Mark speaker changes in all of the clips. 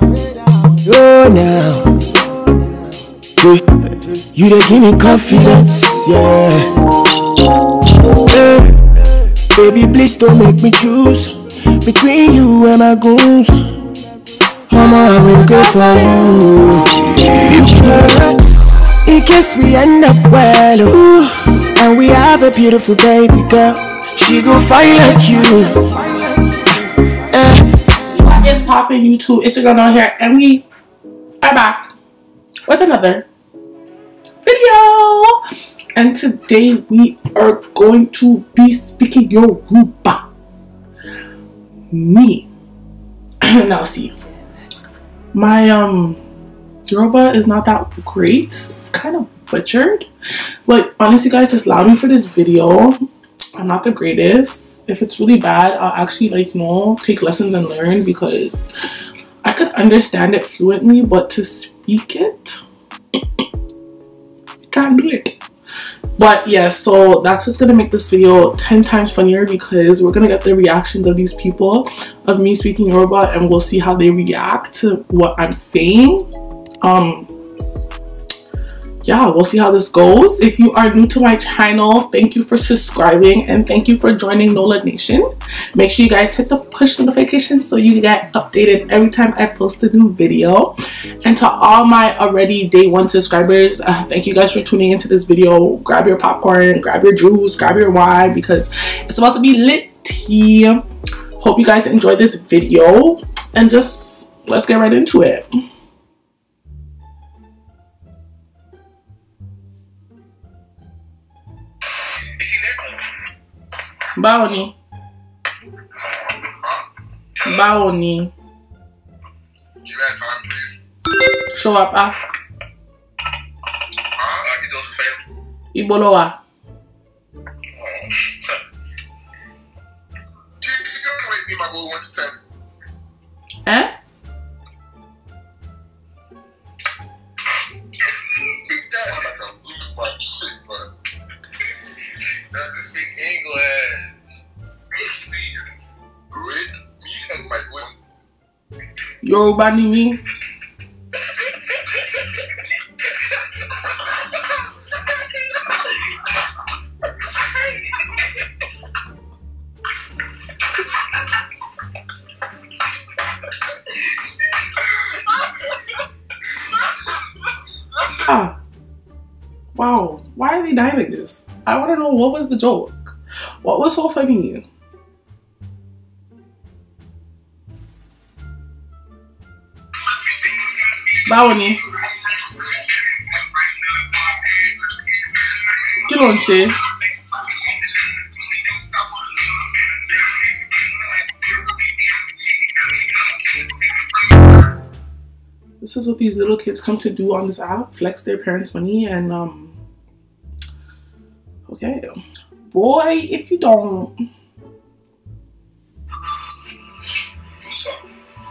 Speaker 1: Oh now. You dey give me confidence, yeah. Hey, baby, please don't make me choose between you and my goons. Mama, I will go for you. If you could, in case we end up well, ooh, and we have a beautiful baby girl, she go fight like you popping YouTube, Instagram on here, and we are back with another video. And today we are going to be speaking Yoruba. Me and I'll see. My um Yoruba is not that great. It's kind of butchered. But honestly guys, just allow me for this video. I'm not the greatest if it's really bad, I'll actually like you know take lessons and learn because I could understand it fluently, but to speak it, can't do it. But yeah, so that's what's gonna make this video 10 times funnier because we're gonna get the reactions of these people of me speaking Yoruba and we'll see how they react to what I'm saying. Um, yeah, we'll see how this goes. If you are new to my channel, thank you for subscribing and thank you for joining NOLA Nation. Make sure you guys hit the push notification so you get updated every time I post a new video. And to all my already day one subscribers, uh, thank you guys for tuning into this video. Grab your popcorn, grab your juice, grab your wine because it's about to be lit tea. Hope you guys enjoyed this video and just let's get right into it. báwo ni báwo ni ṣó wà pa ibo ló wà. Eh? Yorùbá ni yín. Ah. Wow, why are they diving this? I want to know what was the joke? What was so funny? báwo ni kí ló ń ṣe. This is what these little kids come to do on this app, flex their parents' money and um okay. Boy, if you don't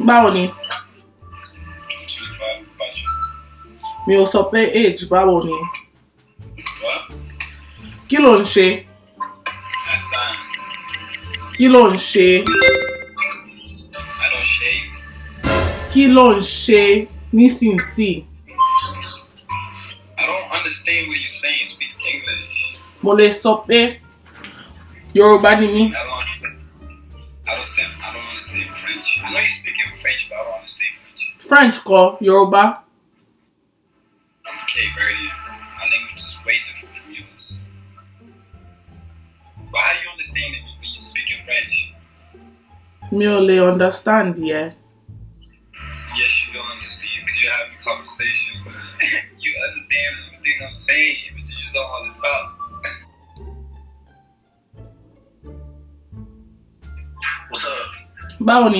Speaker 1: Báwo bá bàjẹ́. mi ò sọ pé age báwo ni. kí ló ń ṣe. kí ló ń ṣe. kí ló ń ṣe nísinsìnyí. I don't understand what you're saying. Speak English. Mo lè sọ pé Yorùbá ni mí. Hello. French call yoruba Okay, very okay, Birdie. My language is way different from yours. But how you understanding me when you speak in French? Mi understand Yeah. Yes, you don't understand because you're having a conversation. you understand everything I'm saying, but you just don't want to talk. What's up? Báwo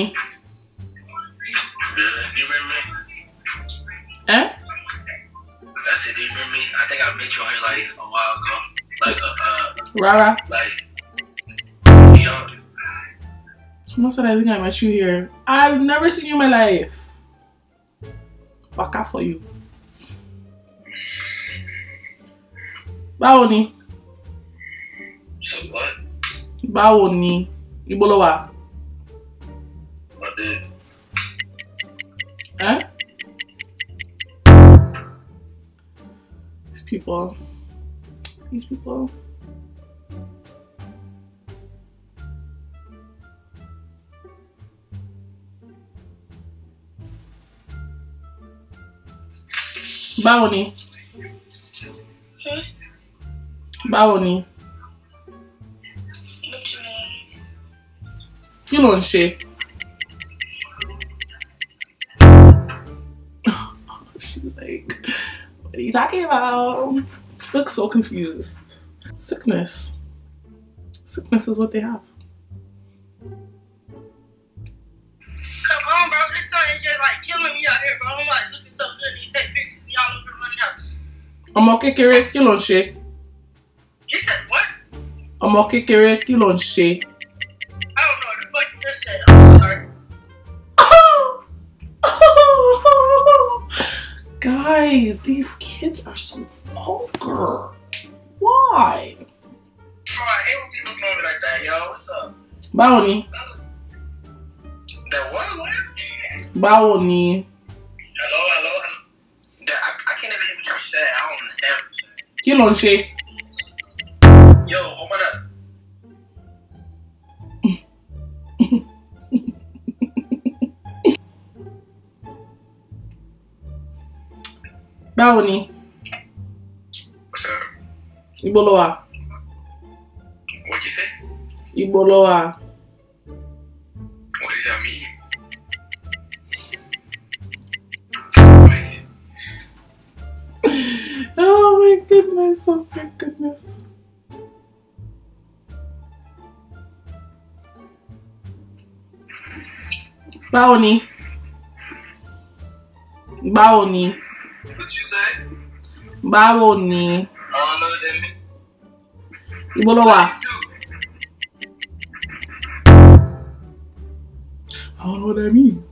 Speaker 1: Rara. Like, you Someone said I think I met you here. I've never seen you in my life. Waka for you. Baoni. ni? So what? Báwo ni? Ibo lo wà? Ọdẹ. Eh? These people. These people. báwo ni. báwo ni. kí ló ń ṣe. what are you talking about Looks so confused sickness sickness is what they have come on bro this sun is just like killing me out here bro i'm oh like ọmọ kékeré kí ló ń ṣe. you said what? ọmọ kékeré kí ló ń ṣe. I don't know what you just said. I'm Guys, these kids are so vulgar. Why? I hate when people call me like that, yo. What's up? Báwo That was. what? kí ló ń ṣe. yọ ọmọ náà. báwo ni. igbó ló goodness, oh my goodness. Báwo ni? Báwo What you say? Baoni. I don't know what that means. wà? I don't know what that means.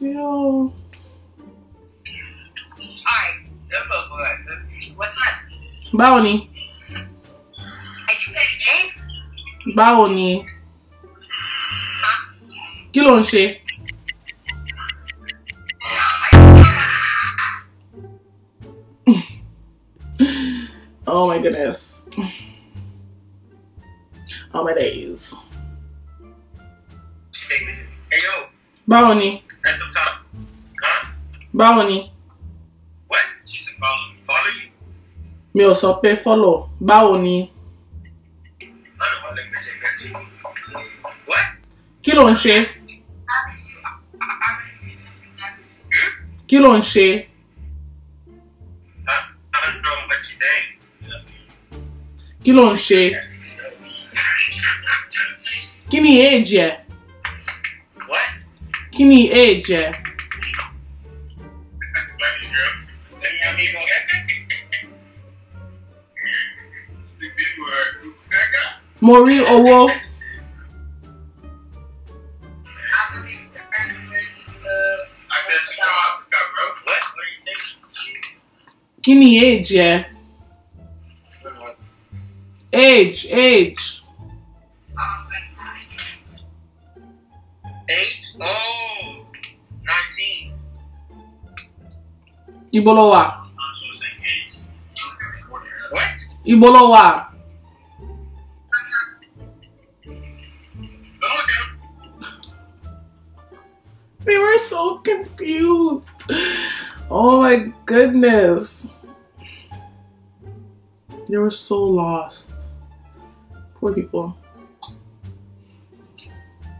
Speaker 1: Yo. Báwo ni? Báwo ni? Kí ló ń ṣe? Oh my goodness. Oh my days. Hey yo. Báwo That's Huh? What? She said mi ò sọ pé fọlọ báwo ni. kí ló ń ṣe. kí ló ń ṣe. kí ló ń ṣe. kí ni èèjì ẹ. kí ni èèjì ẹ. mo owó. Give me age yeah. age age. age oh nineteen. ibo ló wà? ibo wà? they were so confused. Oh my goodness. They were so lost. Poor people.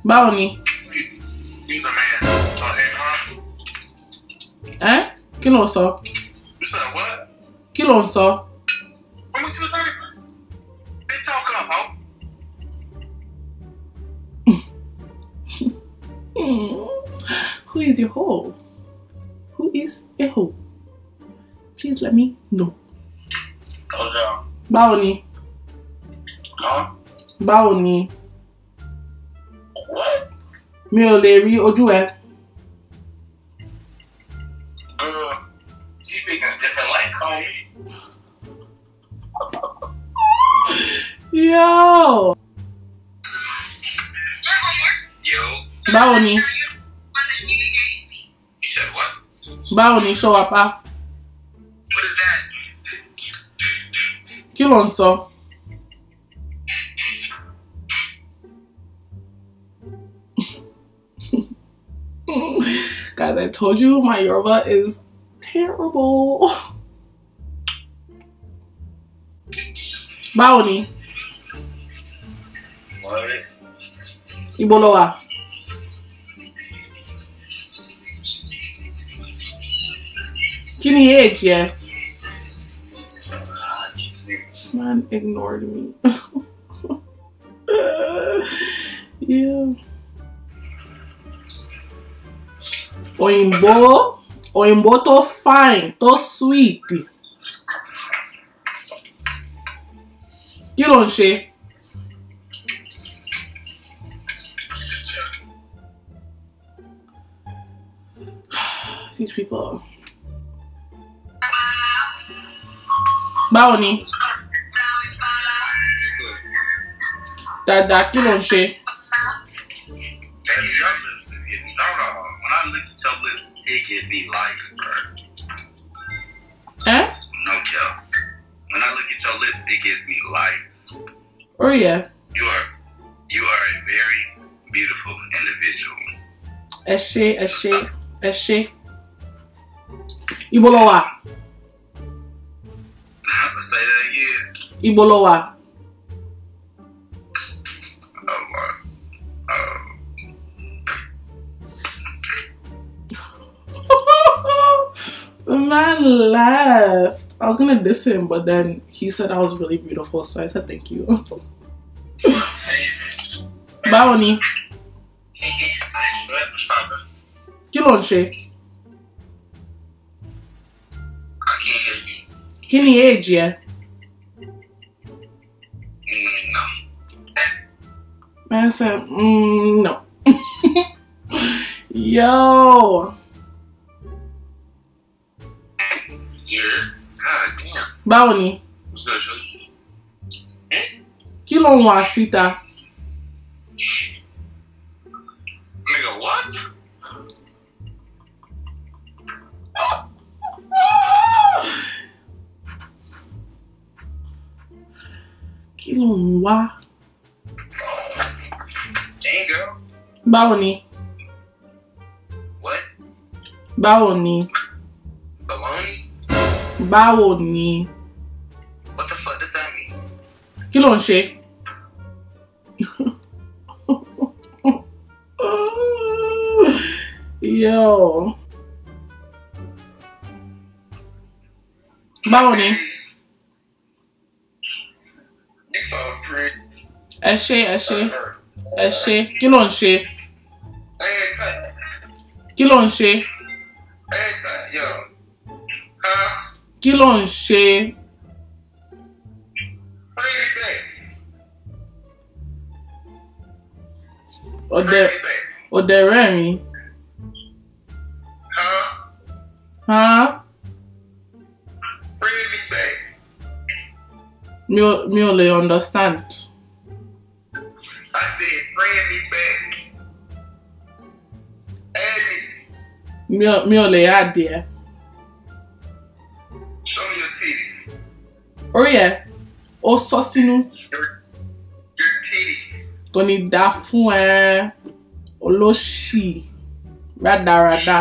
Speaker 1: Bounty. He's a man. Eh? Kilonso. não só. Que não Who is your hoe? Who is a hoe? Please let me know. Ọjà. Báwo ni? Huh? Báwo ni? What? Mi ò ojú ẹ. Yo! Yo! Báwo ni? báwo ni up, wa pa. kí ló ń sọ. Guys, I told you my Yoruba is terrible. báwo ni. Ibo ló wà. Jimmy Higgs, yeah. This man ignored me. yeah. Oimbo, oimbo tô fine, tô sweet. You don't see These people. báwo ni dada you ló ń ṣe. Eh? No kill. When I look at your lips, it gives me life. Oh yeah. You are you are a very beautiful individual. Ẹ ṣé, ẹ ṣé, ẹ ṣé. Ibo lo wà? Igbo the man laughed. I was gonna diss him, but then he said I was really beautiful, so I said thank you. on, Shay. longe? Kini age, yeah. Man I said, mm, no. Yo. Yeah. God damn. Báwo ni? Eh? Kí ló ń wá síta? Nigga, what? Kí wá? Báwo ni? What? Báwo ni? Baloney? Báwo ni? What the fuck does that mean? Kí ló ń Yo. Báwo ni? Ẹ ṣé, ẹ ẹ ṣe kí ló ń ṣe. kí ló ń ṣe. kí ló ń ṣe. ọ̀dẹ̀ ọ̀dẹ̀ rẹ́rìn. Huh? Mi ò mi ò lè understand. mi mio le adie. Show me your titties. Oh yeah. Ó sọ sínú. Your, your titties. Kò ní dá fún ẹ olóṣì rádaràda.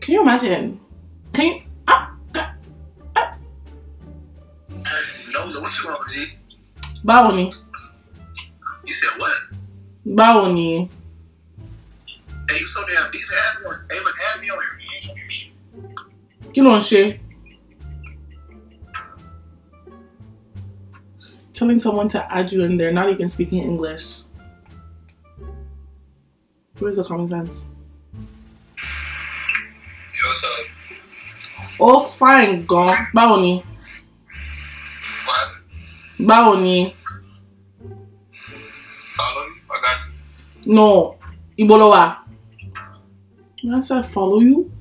Speaker 1: Can you imagine? Can you? Ah, ah, ah. No, what's wrong with you? Báwo ni? on you. Hey, you so damn decent. Have me on, hey, look, have me on here. Kí on, shit. Telling someone to add you in there, not even speaking English. Where's the common sense? Yo, what's up? Oh, fine, gone. on you. What? on you. No, Ibolowa. Once I follow you?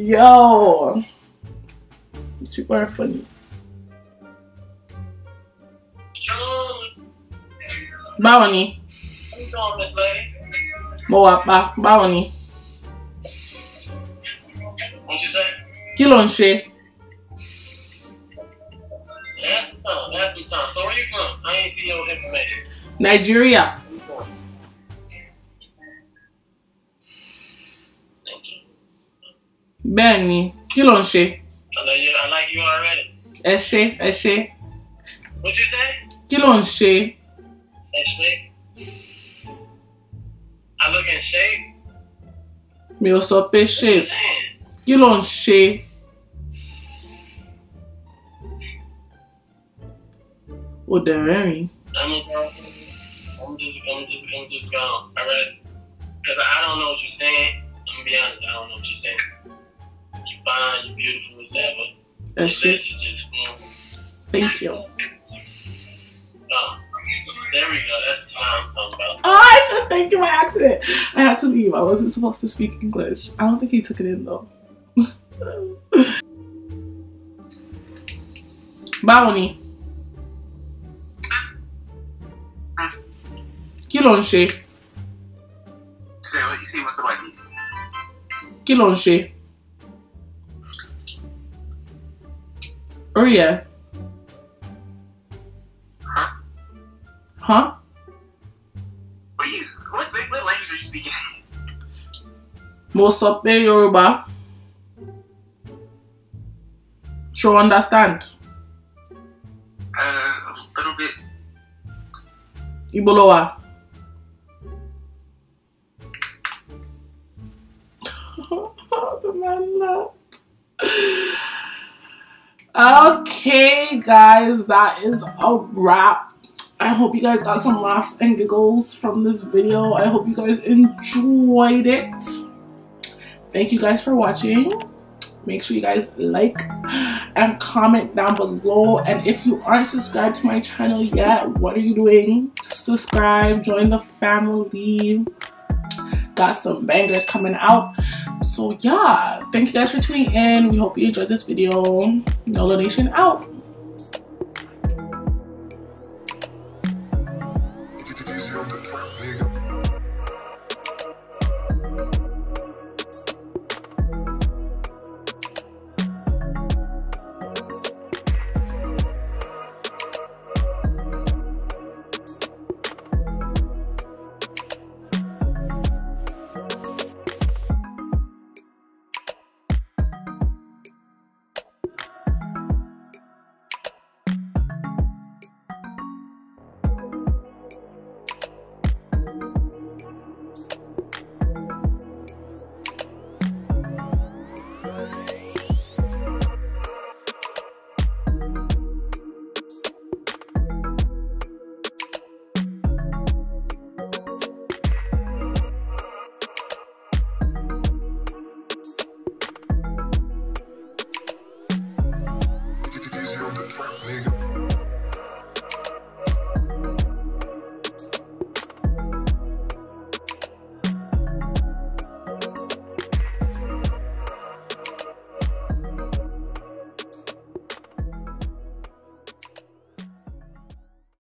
Speaker 1: Yo. These people are funny. Báwo ni? Mo wà pa, báwo ni? Kí ló ń ṣe? Last time, last time. So where you from? I ain't see your information. Nigeria. bẹ́ẹ̀ ni kí ló ń ṣe. àlàyé àlàyé url. ẹ ṣe ẹ ṣe. mo ti ṣe. kí ló ń ṣe. ẹ ṣe. mi ò sọ pé ṣe kí ló ń ṣe. ó dẹ̀ rẹ́rìn-ín. I'm just, I'm just, I'm just gone. All right, because I don't know what you're saying. I'm gonna be honest, I don't know what you're saying. You're fine, you're beautiful as ever. That's it. Just, mm. Thank you. Oh, there we go. That's what I'm talking about. Oh, I said thank you by accident. I had to leave. I wasn't supposed to speak English. I don't think he took it in though. Bye, Oni. kí ló ń ṣe. kí ló ń ṣe. orí oh, ẹ. Huh? What, you, what, language you speaking? Mo sọ Yorùbá. Show understand. Uh, a little bit. Ibo guys, that is a wrap. I hope you guys got some laughs and giggles from this video. I hope you guys enjoyed it. Thank you guys for watching. Make sure you guys like and comment down below. And if you aren't subscribed to my channel yet, what are you doing? Subscribe, join the family. Got some bangers coming out. So yeah, thank you guys for tuning in. We hope you enjoyed this video. No donation out.